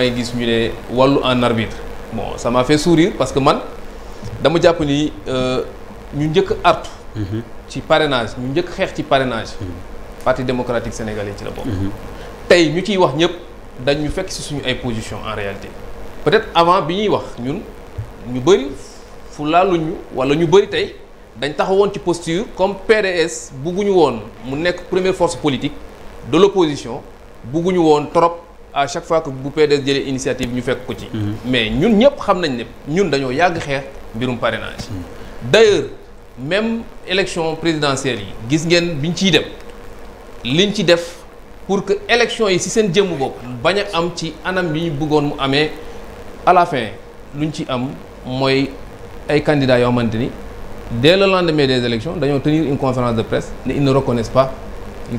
may gis ñu ne wàllu en arbitre bon ça m'a fait sourire parce que man dama jàpp ni euh, ñu njëkk artu mhm. ci parrainage ñu njëkk xeex ci parrainage mhm. parti démocratique sénégalais ci la bokk mhm. tey ñu ciy wax ñëpp dañ ñu fekk si suñu ay position en réalité peut-être avant bi ñuy wax ñun ñu bëri fu laaluñu wala ñu bëri tey dañ taxawoon ci posture comme PDS bugguñu woon mu nekk première force politique de l'opposition bugguñu woon trop à chaque fois que bu PDS jële initiative ñu fekk ko ci. Mhm. mais ñun ñëpp xam nañ ne ñun dañoo yàgg xeex mbirum parrainage. Mhm. d'ailleurs même élection présidentielle yi gis ngeen bi ñu ciy dem liñ ci def pour que élection yi ci seen jëmm bopp bañ a am ci anam yi ñu bëggoon mu amee à lu ñu ci am mooy ay candidats yoo xamante ni dès le lendemain des élections dañoo tenir une conférence de presse ne ils ne reconnaissent pas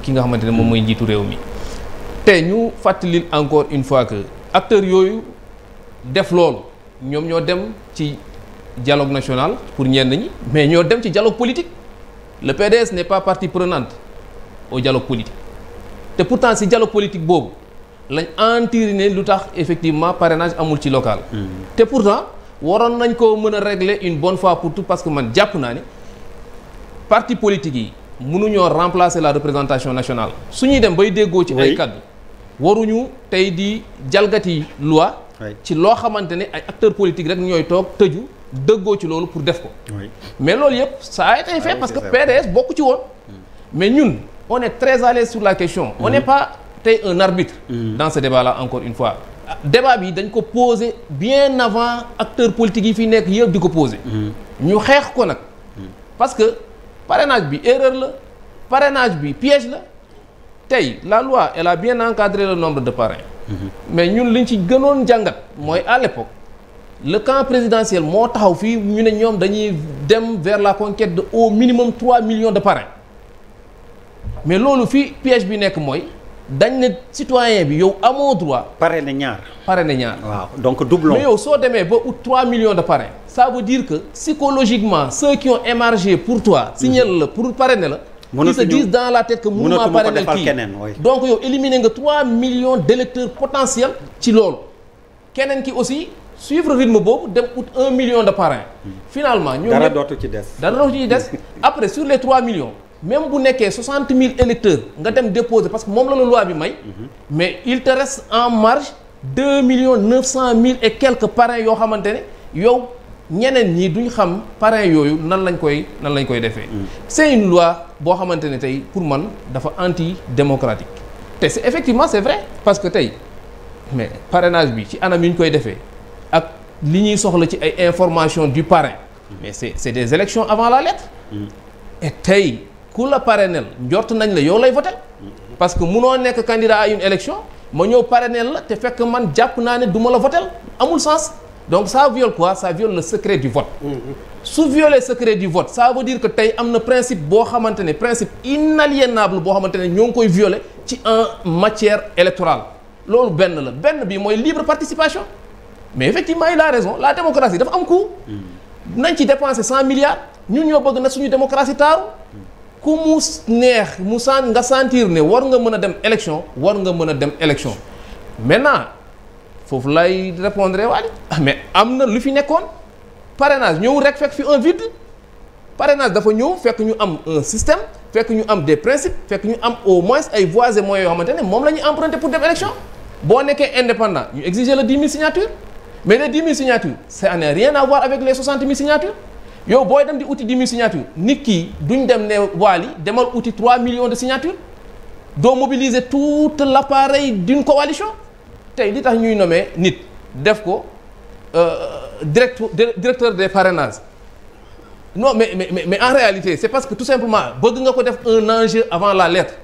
ki nga xamante ne moom mooy njiitu réew mi. te ñu fàttalil encore une fois que acteurs yooyu def loolu ñoom ñoo dem ci dialogue national pour ñeen ñi mais ñoo dem ci dialogue politique le PDS ne pas partie prenante au dialogue politique te pourtant si dialogue politique boobu lañ entériné lu tax effectivement parrainage amul ci local. Mm-hmm. te pourtant waroon nañ ko mën a régler une bonne fois pour tout parce que man jàpp naa ni parti politique yi mënuñoo remplacer la représentation nationale su ñuy dem bay déggoo ci ay kaddu. waruñu tey di jalgati loi ci loo xamante ne ay acteur politiques rek ñooy toog tëju dëggoo ci loolu pour def ko mais loolu yëpp saa a été fait parce que PDS bokku ci woon mm. mais ñun on est très à l'aise sur la question on mm. n'est pas tey un arbitre mm. dans ce débat la encore une fois débat bi dañ ko poser bien avant acteur politiques yi fi nekk yëpp di ko poser ñu xeex ko nag parce que parrainage bi erreur la parrainage bi piège la tey la loi elle la bien encadré la nombre de parrains. mais ñun liñ ci gënoon jàngat mooy à l'époque le camp présidentiel moo taxaw fii ñu ne ñoom dañuy dem vers la conquête de au minimum trois millions de parrains mais loolu fii piège bi nekk mooy dañ ne citoyen bi yow amoo droit. parrainer ñaar parrainer ñaar. waaw donc doublon mais yow soo demee ba ut 3 millions de parrains. ça veut dire que psychologiquement ceux qui pour toi. signal la pour pare parrainer la. qui se disent dans a tête que mouvement parallèle kii donc yow éliminer nga 3 millions d'électeurs potentiels ci loolu keneen ki aussi suivre rythme boobu dem ut 1 million de parrain hmm. finalement ñoom dara dootu ci des dara dootu ci des après sur les 3 millions même bu nekkee 60 000 électeurs nga dem déposer parce que moom la la loi bi may hmm. mais il te reste en marge 2 millions 900 mille et quelques parrains yoo xamante ne yow ñeneen ñi duñ xam parrain yooyu nan lañ koy nan lañ koy defee. Mm. c'est une boo xamante ne tey pour man dafa anti démocratique. te c'est effectivement c'est vrai parce que tey mais parrainage bi ci anam yu ñu koy defee ak li ñuy soxla ci ay informations du parrain. mais c'est c'est des élections avant la lettre. Mm. tey ku la parrainel njort nañ la yow lay voter. Mm. parce que munoo nekk candidat à une élection ma ñëw parrainel la te fekk man jàpp naa ne duma la voter amul sens. donc ça viole quoi ça viole le secret du vote mm-hmm. su violer secret du vote ça veut dire que tey am na principe boo xamante ne principe inaliénable boo xamante ne ñoo ngi koy violer ci en matière électorale loolu benn la benn bi mooy libre participation mais effectivement il a raison la démocratie dafa am coût mm-hmm. nañ ci dépenser cent milliards ñun ñoo bëgg na suñu démocratie taaru mm-hmm. ku mu neex mu saan nga sentir ne war nga mën a dem élection war nga mën a dem élection maintenant foofu lay répondre waaj mais am na lu fi nekkoon parrainage ñëw rek fekk fi un vide parrainage dafa ñëw fekk ñu am un système fekk ñu am des principes fekk ñu am au moins ay voies et yoo xamante ne moom la ñuy emprunté pour dem élection boo nekkee indépendant ñu exiger la 10 000 signatures mais les 10 000 signatures ça n'a rien à voir avec les 60 000 signatures yow booy dem di uti 10 000 signatures nit ki duñ dem ne waali demal uti 3 millions de signatures doo mobiliser tout l'appareil d'une coalition tey li tax ñuy nommer nit def ko euh, direct directeur des parrainages non mais mais mais en réalité c'est parce que tout simplement bëgg nga ko def un enjeu avant la lettre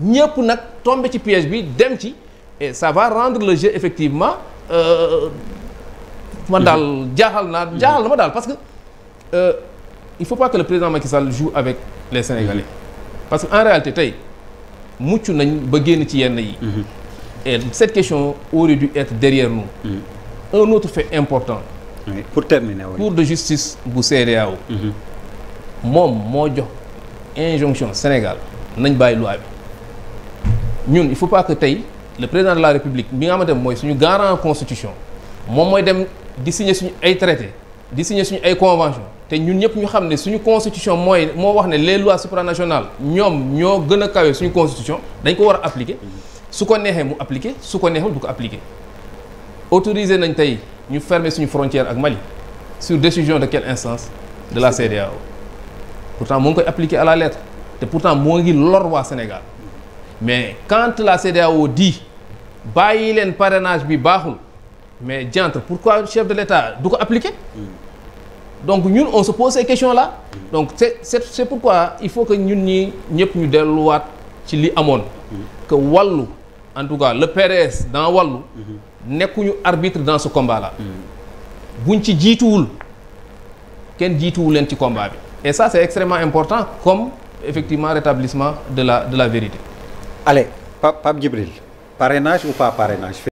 ñëpp nag tombé ci piège bi dem ci et ça rendre le jeu effectivement euh, man daal mhm. jaaxal naa mhm. jaaxal na ma daal parce que euh, il faut pas que le président Macky Sall joue avec les Sénégalais mhm. parce que en réalité tey mucc nañ ba génn ci yenn yi Et cette question aurait dû être derrière nous. Mm-hmm. Un autre fait important. pour terminer oui. cour de justice bu CEDEAO. Mm-hmm. moom moo jox injonction Sénégal nañu bàyyi loi bi ñun il faut pas que tey le président de la République bi nga xamante dem mooy suñu garant constitution moom mooy dem di signer suñu ay traité di signer suñu ay convention te ñun ñëpp ñu xam ne suñu constitution mooy moo wax ne les lois supranationales ñoom ñoo gën a kawe suñu constitution dañ ko war a appliquer. Mm-hmm. su ko neexee mu appliquer su ko neexul du ko appliquer autorisé nañ tey ñu fermer suñu frontière ak Mali sur décision de quelle instance de la CEDEAO pourtant moo ngi koy appliquer à la lettre te pourtant moo ngi lor waa Sénégal mais quand la CEDEAO di bàyyi leen parrainage bi baaxul mais diantre pourquoi chef de l'État du ko appliquer mm. donc ñun on se pose ces questions donc c'est c'est c'est pourquoi il faut que ñun ñi ñëpp ñu delluwaat ci li amoon mm. que wàllu en tout cas le PDS dans wàllu mhm. nekkuñu arbitre dans ce combat là buñ ci jiituwul kenn jiituwul leen ci combat bi et ça c'est extrêmement important comme effectivement rétablissement de la de la vérité allez Pape Djibril parrainage ou pas parrainage